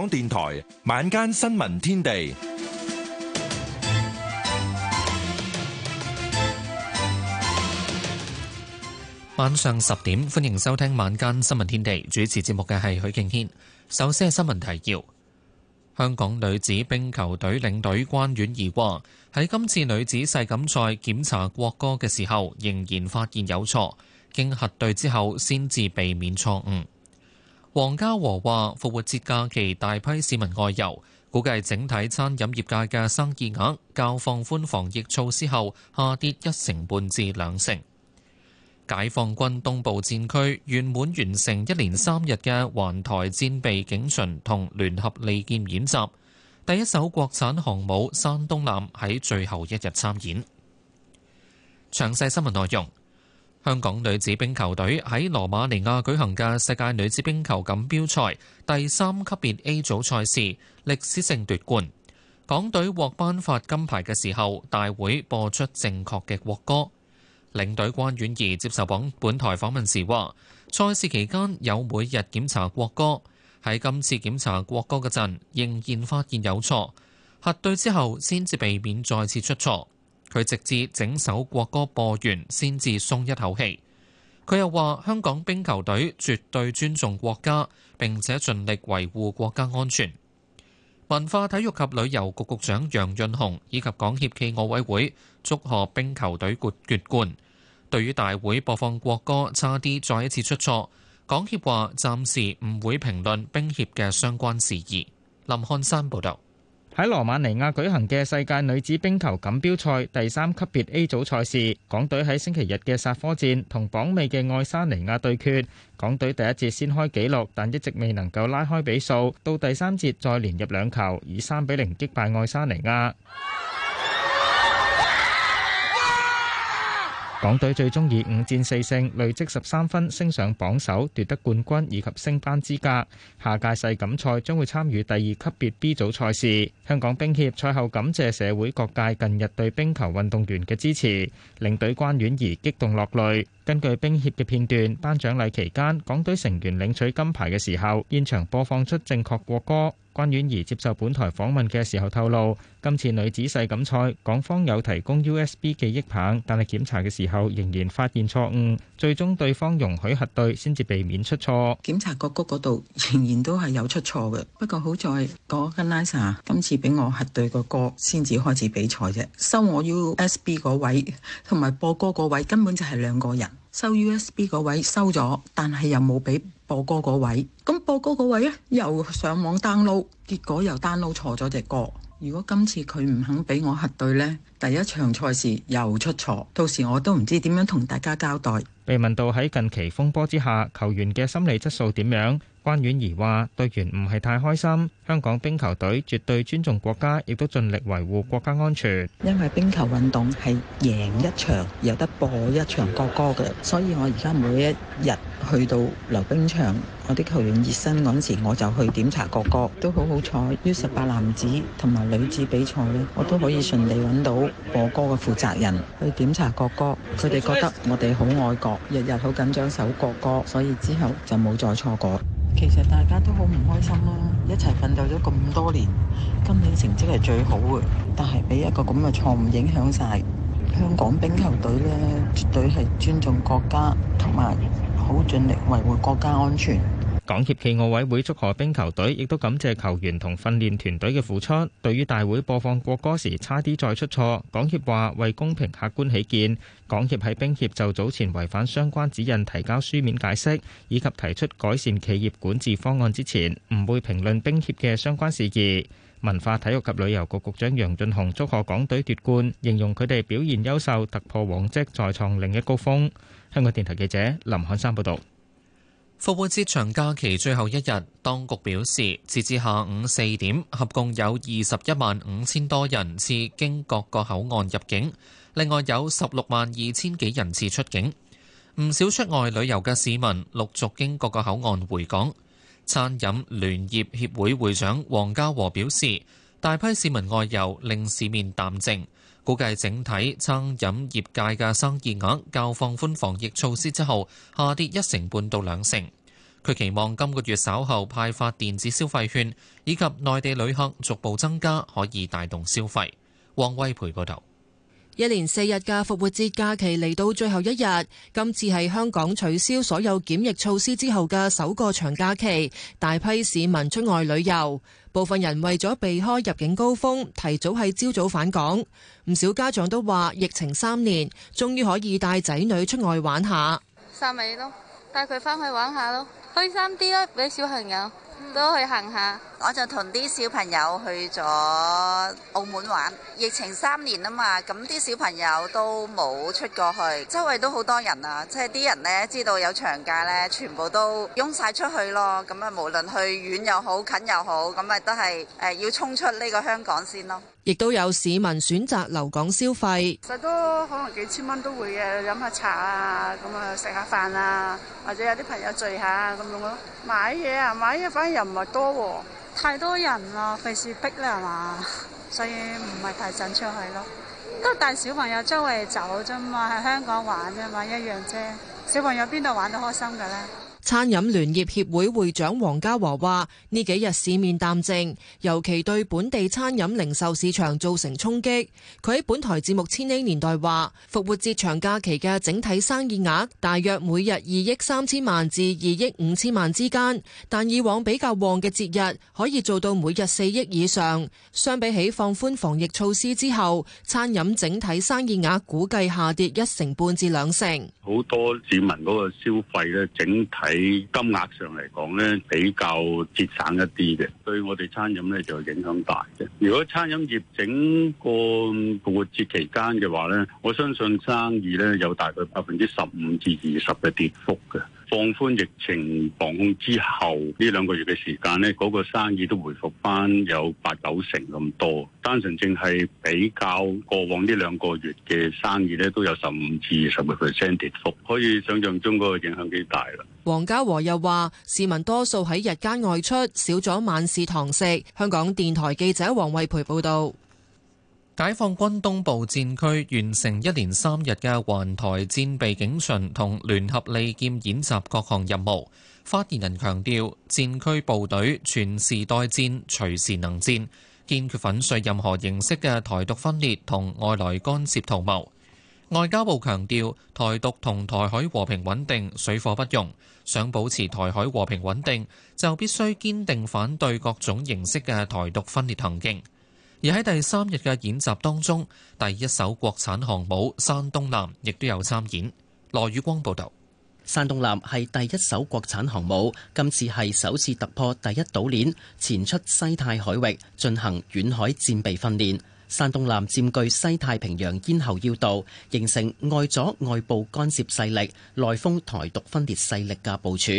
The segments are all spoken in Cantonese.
港電台晚間新聞天地，晚上十點歡迎收聽晚間新聞天地。主持節目嘅係許敬軒。首先係新聞提要：香港女子冰球隊領隊關婉儀話，喺今次女子世錦賽檢查國歌嘅時候，仍然發現有錯，經核對之後，先至避免錯誤。黃家和話：復活節假期大批市民外遊，估計整體餐飲業界嘅生意額較放寬防疫措施後下跌一成半至兩成。解放軍東部戰區圓滿完成一連三日嘅環台戰備警巡同聯合利劍演習，第一艘國產航母山東艦喺最後一日參演。詳細新聞內容。香港女子冰球隊喺羅馬尼亞舉行嘅世界女子冰球錦標賽第三級別 A 組賽事，歷史性奪冠。港隊獲頒發金牌嘅時候，大會播出正確嘅國歌。領隊關婉儀接受本台訪問時話：賽事期間有每日檢查國歌，喺今次檢查國歌嘅陣仍然發現有錯，核對之後先至避免再次出錯。佢直至整首國歌播完，先至鬆一口氣，佢又話香港冰球隊絕對尊重國家，並且盡力維護國家安全。文化體育及旅遊局局長楊潤雄以及港協暨奧委會祝賀冰球隊奪冠。對於大會播放國歌差啲再一次出錯，港協話暫時唔會評論冰協嘅相關事宜。林漢山報道。喺羅馬尼亞舉行嘅世界女子冰球錦標賽第三級別 A 組賽事，港隊喺星期日嘅煞科戰同榜尾嘅愛沙尼亞對決，港隊第一節先開紀錄，但一直未能夠拉開比數，到第三節再連入兩球，以三比零擊敗愛沙尼亞。港隊最終以五戰四勝累積十三分，升上榜首，奪得冠軍以及升班資格。下屆世錦賽將會參與第二級別 B 組賽事。香港冰協賽後感謝社會各界近日對冰球運動員嘅支持，領隊關婉怡激動落淚，根據冰協嘅片段，頒獎禮期間港隊成員領取金牌嘅時候，現場播放出正確國歌。關婉兒接受本台訪問嘅時候透露，今次女子世錦賽，港方有提供 USB 記憶棒，但係檢查嘅時候仍然發現錯誤，最終對方容許核對，先至避免出錯。檢查國局嗰度仍然都係有出錯嘅，不過好在嗰個 organizer 今次俾我核對個歌，先至開始比賽啫。收我 USB 嗰位同埋播歌嗰位根本就係兩個人，收 USB 嗰位收咗，但係又冇俾，播歌嗰位，咁播歌嗰位呢又上網 download，結果又 download 錯咗隻歌。如果今次佢唔肯俾我核對呢，第一場賽事又出錯，到時我都唔知點樣同大家交代。被問到喺近期風波之下，球員嘅心理質素點樣？關婉儀話：隊員唔係太開心。香港冰球隊絕對尊重國家，亦都盡力維護國家安全。因為冰球運動係贏一場有得播一場國歌嘅，所以我而家每一日去到溜冰場，我啲球員熱身嗰陣時，我就去檢查國歌。都好好彩，U 十八男子同埋女子比賽咧，我都可以順利揾到播歌嘅負責人去檢查國歌。佢哋覺得我哋好愛國，日日好緊張首國歌，所以之後就冇再錯過。其實大家都好唔開心啦，一齊奮鬥咗咁多年，今年成績係最好嘅，但係畀一個咁嘅錯誤影響晒。香港冰球隊呢，絕對係尊重國家，同埋好盡力維護國家安全。港協暨奧委會祝賀冰球隊，亦都感謝球員同訓練團隊嘅付出。對於大會播放國歌時差啲再出錯，港協話為公平客觀起見，港協喺冰協就早前違反相關指引提交書面解釋，以及提出改善企業管治方案之前，唔會評論冰協嘅相關事宜。文化體育及旅遊局局長楊潤雄祝賀港隊奪冠，形容佢哋表現優秀，突破往績，再創另一高峰。香港電台記者林漢山報道。復活節長假期最後一日，當局表示，截至下午四點，合共有二十一萬五千多人次經各個口岸入境，另外有十六萬二千幾人次出境。唔少出外旅遊嘅市民陸續經各個口岸回港。餐飲聯業協會會，會長黃家和表示，大批市民外遊令市面淡靜。估計整體餐飲業界嘅生意額，較放寬防疫措施之後下跌一成半到兩成。佢期望今個月稍後派發電子消費券，以及內地旅客逐步增加，可以帶動消費。汪威培報道。一連四日嘅復活節假期嚟到最後一日，今次係香港取消所有檢疫措施之後嘅首個長假期，大批市民出外旅遊。部分人為咗避開入境高峰，提早喺朝早返港。唔少家長都話，疫情三年，終於可以帶仔女出外玩下，三尾咯，帶佢返去玩下咯，開心啲咯，俾小朋友。都去行下，我就同啲小朋友去咗澳門玩。疫情三年啊嘛，咁啲小朋友都冇出過去，周圍都好多人啊！即係啲人咧，知道有長假咧，全部都擁晒出去咯。咁啊，無論去遠又好，近又好，咁啊都係誒要衝出呢個香港先咯。亦都有市民選擇留港消費，實都可能幾千蚊都會嘅，飲下茶啊，咁啊食下飯啊，或者有啲朋友聚下咁樣咯。買嘢啊，買嘢反而又唔係多，太多人啦，費事逼啦係嘛，所以唔係太想出去咯。都帶小朋友周圍走啫嘛，喺香港玩啫嘛，一樣啫。小朋友邊度玩得開心㗎啦。餐飲聯業協會會長黃家和話：呢幾日市面淡靜，尤其對本地餐飲零售市場造成衝擊。佢喺本台節目《千禧年代》話，復活節長假期嘅整體生意額大約每日二億三千萬至二億五千萬之間，但以往比較旺嘅節日可以做到每日四億以上。相比起放寬防疫措施之後，餐飲整體生意額估計下跌一成半至兩成。好多市民嗰個消費呢，整體。喺金額上嚟講咧，比較節省一啲嘅，對我哋餐飲咧就影響大嘅。如果餐飲業整個活節期間嘅話咧，我相信生意咧有大概百分之十五至二十嘅跌幅嘅。放寬疫情防控之後呢兩個月嘅時間呢，嗰個生意都回復翻有八九成咁多。單純淨係比較過往呢兩個月嘅生意呢，都有十五至十二個 percent 跌幅，可以想像中個影響幾大啦。黃家和又話：市民多數喺日間外出，少咗晚市堂食。香港電台記者王慧培報道。解放軍東部戰區完成一連三日嘅環台戰備警巡同聯合利劍演習各項任務。發言人強調，戰區部隊全時待戰，隨時能戰，堅決粉碎任何形式嘅台獨分裂同外來干涉圖謀。外交部強調，台獨同台海和平穩定水火不容。想保持台海和平穩定，就必須堅定反對各種形式嘅台獨分裂行徑。而喺第三日嘅演習當中，第一艘國產航母「山東艦」亦都有參演。羅宇光報道，山東艦係第一艘國產航母，今次係首次突破第一島鏈，前出西太海域進行遠海戰備訓練。山東艦佔據西太平洋咽喉要道，形成外阻外部干涉勢力、內封台獨分裂勢力嘅部署。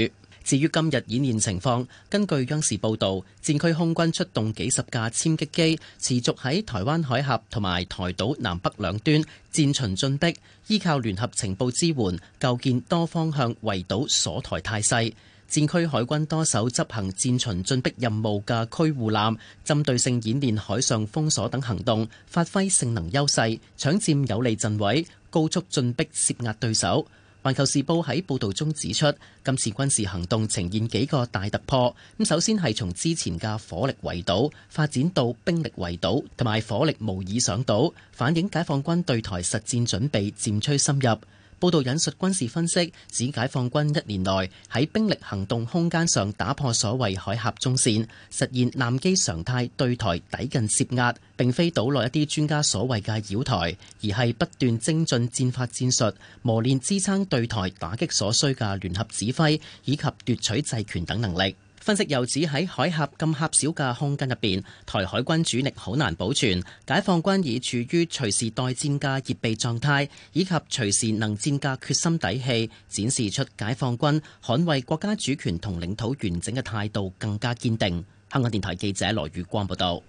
至於今日演練情況，根據央視報導，戰區空軍出動幾十架殲擊機，持續喺台灣海峽同埋台島南北兩端戰巡進逼，依靠聯合情報支援，構建多方向圍堵鎖台態勢。戰區海軍多手執行戰巡進逼任務嘅區護艦，針對性演練海上封鎖等行動，發揮性能優勢，搶佔有利陣位，高速進逼，施壓對手。環球時報喺報道中指出，今次軍事行動呈現幾個大突破。咁首先係從之前嘅火力圍堵發展到兵力圍堵，同埋火力無以上島，反映解放軍對台實戰準備漸趨深入。報道引述軍事分析，指解放軍一年內喺兵力行動空間上打破所謂海峽中線，實現艦機常態對台抵近施壓，並非島內一啲專家所謂嘅繞台，而係不斷精進戰法戰術，磨練支撐對台打擊所需嘅聯合指揮以及奪取制權等能力。分析又指喺海峽咁狹小嘅空間入邊，台海軍主力好難保存，解放軍已處於隨時待戰嘅熱備狀態，以及隨時能戰嘅決心底氣，展示出解放軍捍衛國家主權同領土完整嘅態度更加堅定。香港電台記者羅宇光報道，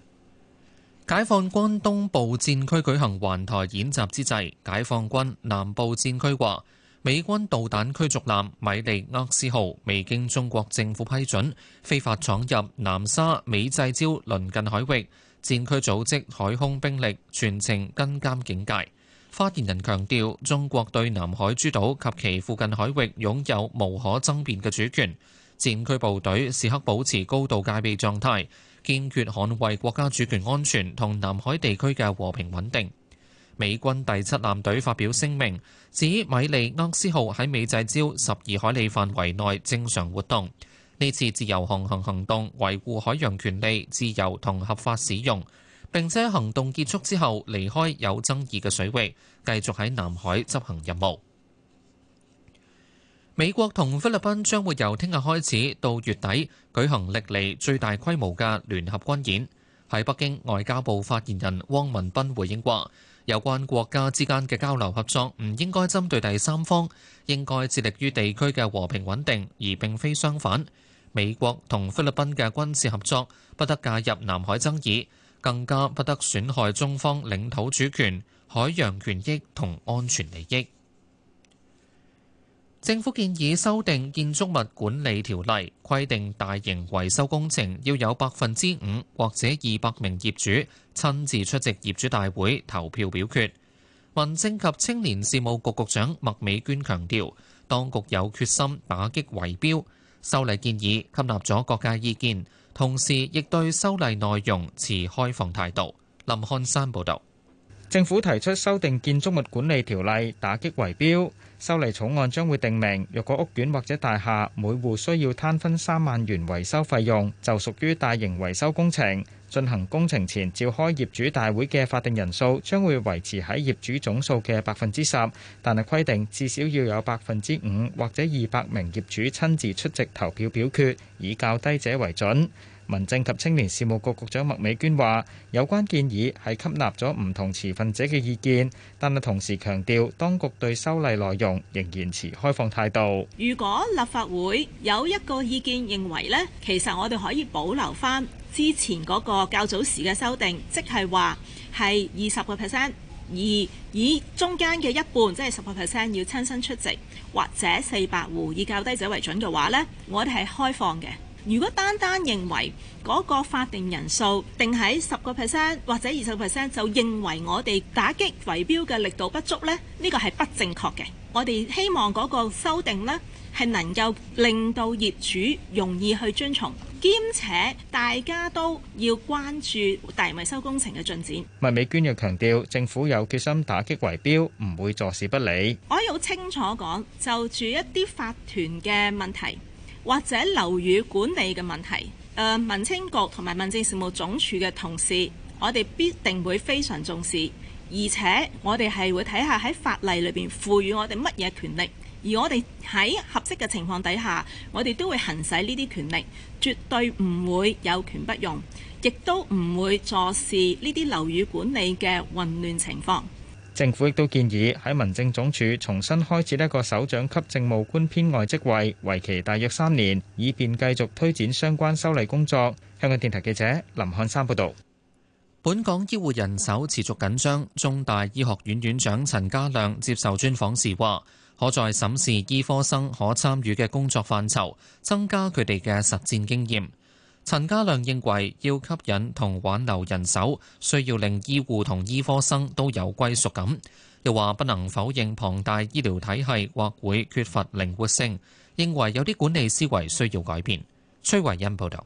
解放軍東部戰區舉行環台演習之際，解放軍南部戰區話。美軍導彈驅逐艦米利厄斯號未經中國政府批准，非法闖入南沙美濟礁鄰近海域，戰區組織海空兵力全程跟監警戒。發言人強調，中國對南海諸島及其附近海域擁有無可爭辯嘅主權，戰區部隊時刻保持高度戒備狀態，堅決捍衛國家主權安全同南海地區嘅和平穩定。美軍第七艦隊發表聲明，指米利厄斯號喺美濟礁十二海里範圍內正常活動。呢次自由航行行動維護海洋權利、自由同合法使用。並且行動結束之後離開有爭議嘅水域，繼續喺南海執行任務。美國同菲律賓將會由聽日開始到月底舉行歷嚟最大規模嘅聯合軍演。喺北京外交部發言人汪文斌回應話。有關國家之間嘅交流合作，唔應該針對第三方，應該致力於地區嘅和平穩定，而並非相反。美國同菲律賓嘅軍事合作，不得介入南海爭議，更加不得損害中方領土主權、海洋權益同安全利益。政府建議修訂建築物管理條例，規定大型維修工程要有百分之五或者二百名業主親自出席業主大會投票表決。民政及青年事務局局長麥美娟強調，當局有決心打擊圍標，修例建議吸納咗各界意見，同時亦對修例內容持開放態度。林漢山報導，政府提出修訂建築物管理條例，打擊圍標。修例草案將會定明，若果屋苑或者大廈每戶需要攤分三萬元維修費用，就屬於大型維修工程。進行工程前召開業主大會嘅法定人數將會維持喺業主總數嘅百分之十，但係規定至少要有百分之五或者二百名業主親自出席投票表決，以較低者為準。民政及青年事務局局長麥美娟話：有關建議係吸納咗唔同持份者嘅意見，但係同時強調，當局對修例內容仍然持開放態度。如果立法會有一個意見認為呢，其實我哋可以保留翻之前嗰個較早時嘅修訂，即係話係二十個 percent，而以中間嘅一半，即係十個 percent 要親身出席，或者四百戶以較低者為準嘅話呢，我哋係開放嘅。如果單單認為嗰個法定人數定喺十個 percent 或者二十個 percent，就認為我哋打擊圍標嘅力度不足呢，呢個係不正確嘅。我哋希望嗰個修訂呢，係能夠令到業主容易去遵從，兼且大家都要關注大維修工程嘅進展。麥美娟又強調，政府有決心打擊圍標，唔會坐視不理。我可以好清楚講，就住一啲法團嘅問題。或者樓宇管理嘅問題，誒民政局同埋民政事務總署嘅同事，我哋必定會非常重視，而且我哋係會睇下喺法例裏邊賦予我哋乜嘢權力，而我哋喺合適嘅情況底下，我哋都會行使呢啲權力，絕對唔會有權不用，亦都唔會坐視呢啲樓宇管理嘅混亂情況。政府亦都建議喺民政總署重新開設一個首長級政務官編外職位，為期大約三年，以便繼續推展相關修例工作。香港電台記者林漢山報導。本港醫護人手持續緊張，中大醫學院院長陳家亮接受專訪時話，可在審視醫科生可參與嘅工作範疇，增加佢哋嘅實戰經驗。陳家亮認為，要吸引同挽留人手，需要令醫護同醫科生都有歸屬感。又話不能否認龐大醫療體系或會缺乏靈活性，認為有啲管理思維需要改變。崔慧恩報道。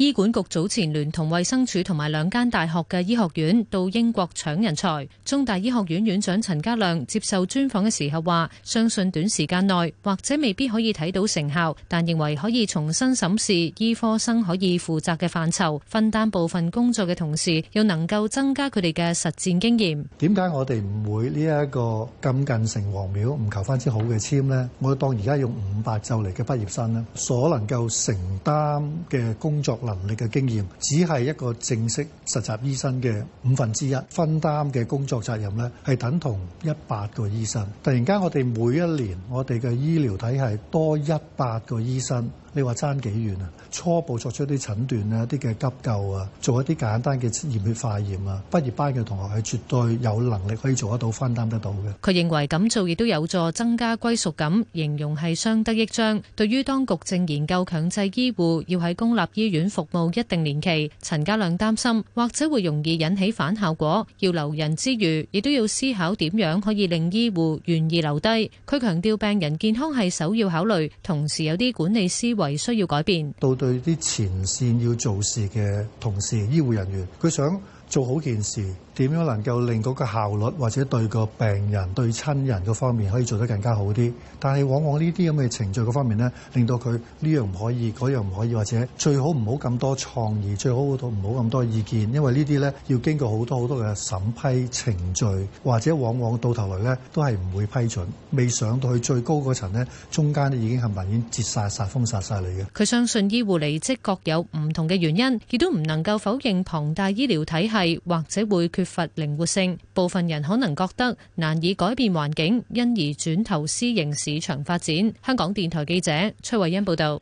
醫管局早前聯同衛生署同埋兩間大學嘅醫學院到英國搶人才。中大醫學院院長陳家亮接受專訪嘅時候話，相信短時間內或者未必可以睇到成效，但認為可以重新審視醫科生可以負責嘅範疇，分擔部分工作嘅同時，又能夠增加佢哋嘅實戰經驗。點解我哋唔會呢一個咁近城隍廟，唔求翻支好嘅簽呢？我當而家用五百就嚟嘅畢業生咧，所能夠承擔嘅工作。能力嘅經驗只係一個正式實習醫生嘅五分之一，分擔嘅工作責任咧，係等同一百個醫生。突然間，我哋每一年，我哋嘅醫療體系多一百個醫生。你話爭幾遠啊？初步作出啲診斷啊，啲嘅急救啊，做一啲簡單嘅驗血化驗啊。畢業班嘅同學係絕對有能力可以做得到，分擔得到嘅。佢認為咁做亦都有助增加歸屬感，形容係相得益彰。對於當局正研究強制醫護要喺公立醫院服務一定年期，陳家亮擔心或者會容易引起反效果。要留人之餘，亦都要思考點樣可以令醫護願意留低。佢強調病人健康係首要考慮，同時有啲管理師。為需要改變，到對啲前線要做事嘅同事、醫護人員，佢想做好件事。點樣能夠令嗰個效率或者對個病人、對親人嗰方面可以做得更加好啲？但係往往呢啲咁嘅程序嗰方面呢，令到佢呢樣唔可以，嗰樣唔可以，或者最好唔好咁多創意，最好都唔好咁多意見，因為呢啲呢，要經過好多好多嘅審批程序，或者往往到頭來呢，都係唔會批准，未上到去最高嗰層呢，中間呢已經係明顯截殺晒封殺晒你嘅。佢相信醫護離職各有唔同嘅原因，亦都唔能夠否認龐大醫療體系或者會。缺乏靈活性，部分人可能覺得難以改變環境，因而轉投私營市場發展。香港電台記者崔慧欣報道。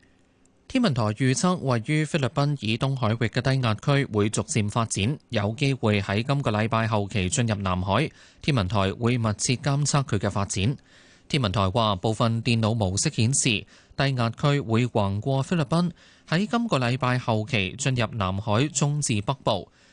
天文台預測，位於菲律賓以東海域嘅低壓區會逐漸發展，有機會喺今個禮拜後期進入南海。天文台會密切監測佢嘅發展。天文台話，部分電腦模式顯示低壓區會橫過菲律賓，喺今個禮拜後期進入南海中至北部。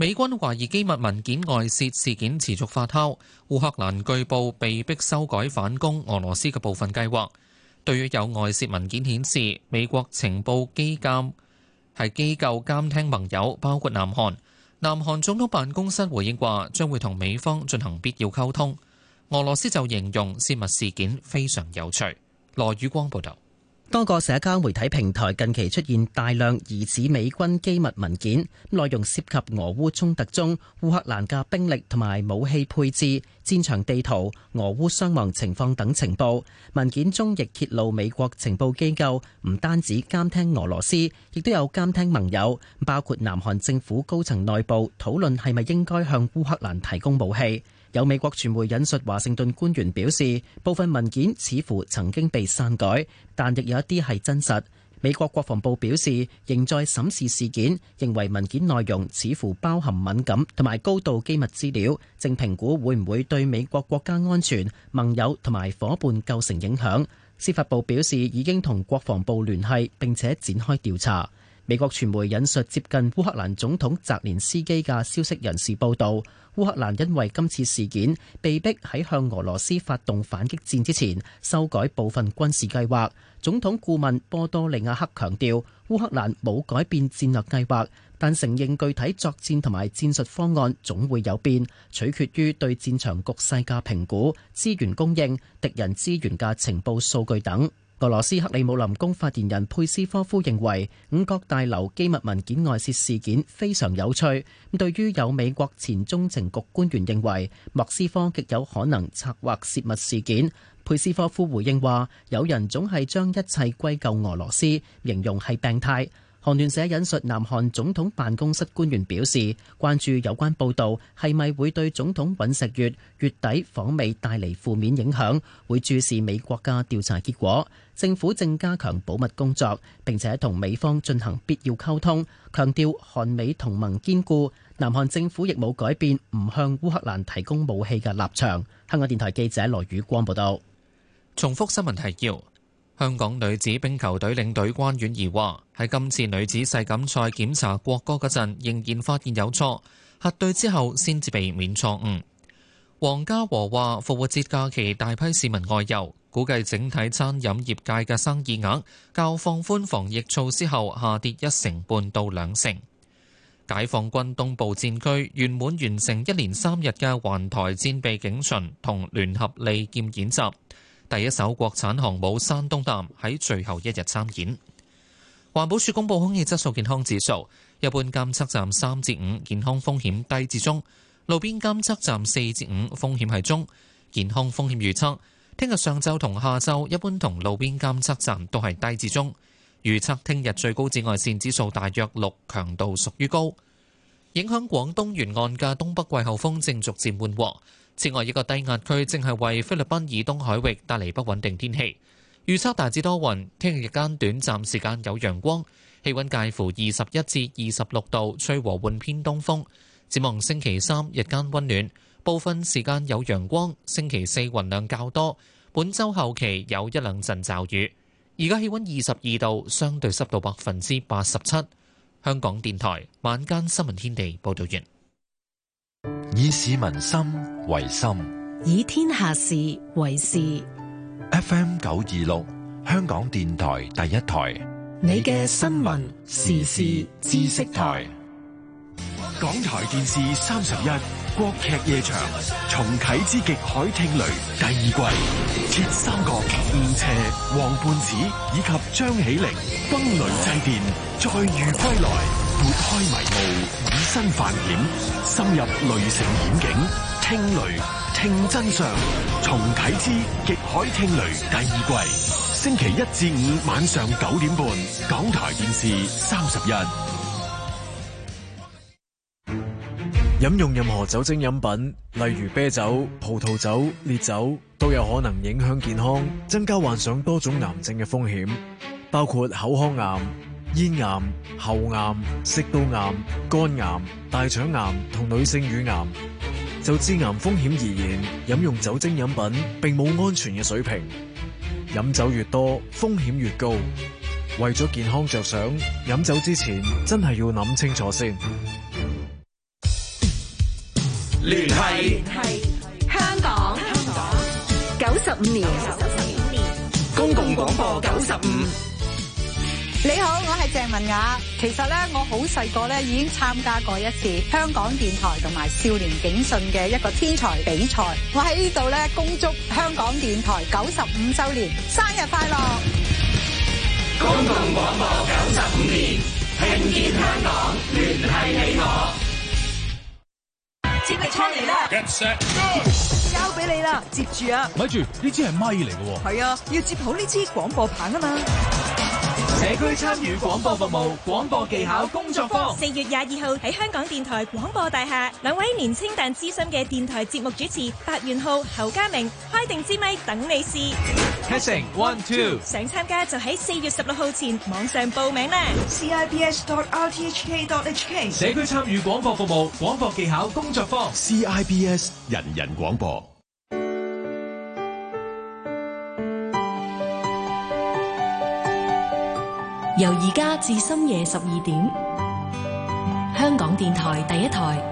美軍懷疑機密文件外泄事件持續發酵，烏克蘭據報被迫修改反攻俄羅斯嘅部分計劃。對於有外泄文件顯示，美國情報機監係機構監聽盟友，包括南韓。南韓總統辦公室回應話，將會同美方進行必要溝通。俄羅斯就形容泄密事件非常有趣。羅宇光報道。多個社交媒體平台近期出現大量疑似美軍機密文件，內容涉及俄烏衝突中烏克蘭嘅兵力同埋武器配置、戰場地圖、俄烏傷亡情況等情報。文件中亦揭露美國情報機構唔單止監聽俄羅斯，亦都有監聽盟友，包括南韓政府高層內部討論係咪應該向烏克蘭提供武器。有美國傳媒引述華盛頓官員表示，部分文件似乎曾經被篡改，但亦有一啲係真實。美國國防部表示，仍在審視事件，認為文件內容似乎包含敏感同埋高度機密資料，正評估會唔會對美國國家安全、盟友同埋伙伴構成影響。司法部表示已經同國防部聯繫，並且展開調查。美國傳媒引述接近烏克蘭總統澤連斯基嘅消息人士報導。烏克蘭因為今次事件，被迫喺向俄羅斯發動反擊戰之前，修改部分軍事計劃。總統顧問波多利亞克強調，烏克蘭冇改變戰略計劃，但承認具體作戰同埋戰術方案總會有變，取決於對戰場局勢嘅評估、資源供應、敵人資源嘅情報數據等。俄羅斯克里姆林宮發言人佩斯科夫認為，五角大樓機密文件外泄事件非常有趣。咁對於有美國前中情局官員認為莫斯科極有可能策劃泄密事件，佩斯科夫回應話：有人總係將一切歸咎俄羅斯，形容係病態。韓聯社引述南韓總統辦公室官員表示，關注有關報道，係咪會對總統尹錫悦月底訪美帶嚟負面影響，會注視美國嘅調查結果。政府正加強保密工作，並且同美方進行必要溝通，強調韓美同盟堅固。南韓政府亦冇改變唔向烏克蘭提供武器嘅立場。香港電台記者羅宇光報道。重複新聞提要：香港女子乒乓球隊領隊關婉儀話，喺今次女子世錦賽檢查國歌嗰陣，仍然發現有錯，核對之後先至避免錯誤。黃家和話，復活節假期大批市民外遊。估計整體餐飲業界嘅生意額較放寬防疫措施後下跌一成半到兩成。解放軍東部戰區圓滿完成一連三日嘅環台戰備警巡同聯合利劍演習。第一艘國產航母「山東艦」喺最後一日參演。環保署公布空氣質素健康指數，一般監測站三至五，健康風險低至中；路邊監測站四至五，風險係中。健康風險預測。聽日上晝同下晝，一般同路邊監測站都係低至中。預測聽日最高紫外線指數大約六，強度屬於高。影響廣東沿岸嘅東北季候風正逐漸緩和。此外，一個低壓區正係為菲律賓以東海域帶嚟不穩定天氣。預測大致多雲，聽日日間短暫時間有陽光，氣溫介乎二十一至二十六度，吹和緩偏東風。展望星期三日間溫暖，部分時間有陽光，星期四雲量較多。本周後期有一兩陣驟雨。而家氣温二十二度，相對濕度百分之八十七。香港電台晚間新聞天地報道完。以市民心為心，以天下事為事。FM 九二六，香港電台第一台。你嘅新聞時事知識台，港台電視三十一。國劇夜場重啟之極海聽雷第二季，鐵三角吳邪、王胖子以及張起靈，崩雷祭電，再遇歸來，撥開迷霧，以身犯險，深入雷城險境，聽雷，聽真相。重啟之極海聽雷第二季，星期一至五晚上九點半，港台電視三十一。飲用任何酒精飲品，例如啤酒、葡萄酒、烈酒，都有可能影響健康，增加患上多種癌症嘅風險，包括口腔癌、咽癌、喉癌、食道癌、肝癌、大腸癌同女性乳癌。就致癌風險而言，飲用酒精飲品並冇安全嘅水平，飲酒越多風險越高。為咗健康着想，飲酒之前真係要諗清楚先。聯繫聯繫香港香港九十五年九十五年公共廣播九十五。你好，我係鄭文雅。其實咧，我好細個咧已經參加過一次香港電台同埋少年警訊嘅一個天才比賽。我喺呢度咧恭祝香港電台九十五周年生日快樂！公共廣播九十五年，聽見香港，聯繫你我。Get hey, 交俾你啦，接住啊！咪住，呢支係咪嚟嘅？係啊，要接好呢支廣播棒啊嘛。社區參與廣播服務廣播技巧工作坊，四月廿二號喺香港電台廣播大廈，兩位年青但資深嘅電台節目主持白元浩、侯家明，開定支咪等你試。Counting one two，想參加就喺四月十六號前網上報名啦。cibs.rthk.hk 社區參與廣播服務廣播技巧工作坊 cibs 人人廣播。由而家至深夜十二點，香港電台第一台。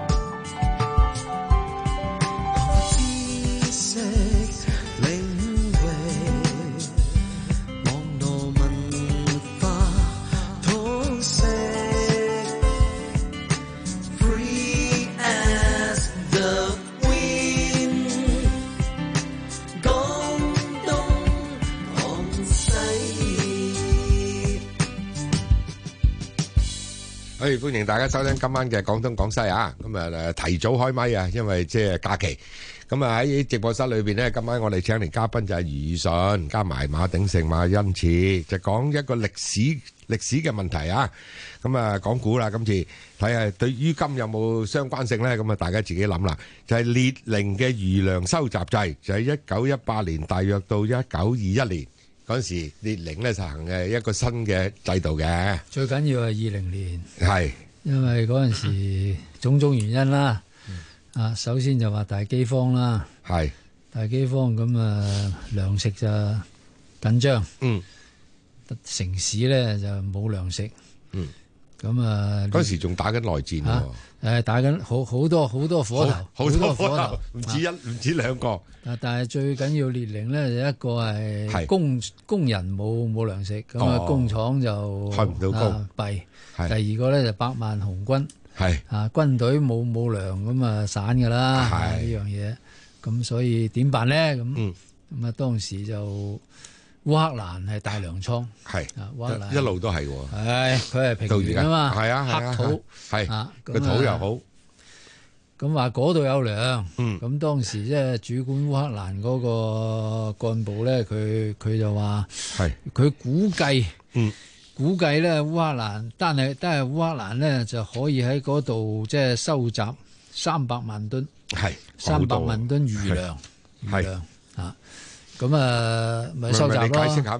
歡迎大家收聽今晚嘅廣東廣西啊！咁啊提早開麥啊，因為即係假期。咁啊喺直播室裏邊咧，今晚我哋請嚟嘉賓就係余宇信，加埋馬鼎盛、馬恩慈，就講一個歷史歷史嘅問題啊！咁啊講古啦，今次睇下對於今有冇相關性咧，咁啊大家自己諗啦。就係列寧嘅餘糧收集制，就係一九一八年大約到一九二一年。嗰陣時，列寧咧實行嘅一個新嘅制度嘅。最緊要係二零年。係是，因為嗰陣時種種原因啦。啊、嗯，首先就話大饑荒啦。係是。大饑荒咁啊，糧食就緊張。嗯。城市咧就冇糧食。嗯。咁啊，嗰時仲打緊內戰誒，打緊好好多好多火頭，好多火頭，唔止一唔止兩個。啊，但係最緊要列寧呢就一個係工工人冇冇糧食，咁啊工廠就開唔到工，弊。第二個咧就百萬紅軍，係啊軍隊冇冇糧咁啊散噶啦，係，呢樣嘢。咁所以點辦咧？咁咁啊，當時就。烏克蘭係大糧倉，係對，烏克蘭一路都係，係佢係平原啊嘛，係啊，黑土，係個土又好，咁話嗰度有糧，咁當時即係主管烏克蘭嗰個幹部咧，佢佢就話，係佢估計，是不是不是估計咧烏克蘭，但係但係烏克蘭咧就可以喺嗰度即係收集三百萬噸，係是，三百萬噸餘糧，餘糧，啊。咁、嗯、啊，咪收窄咯。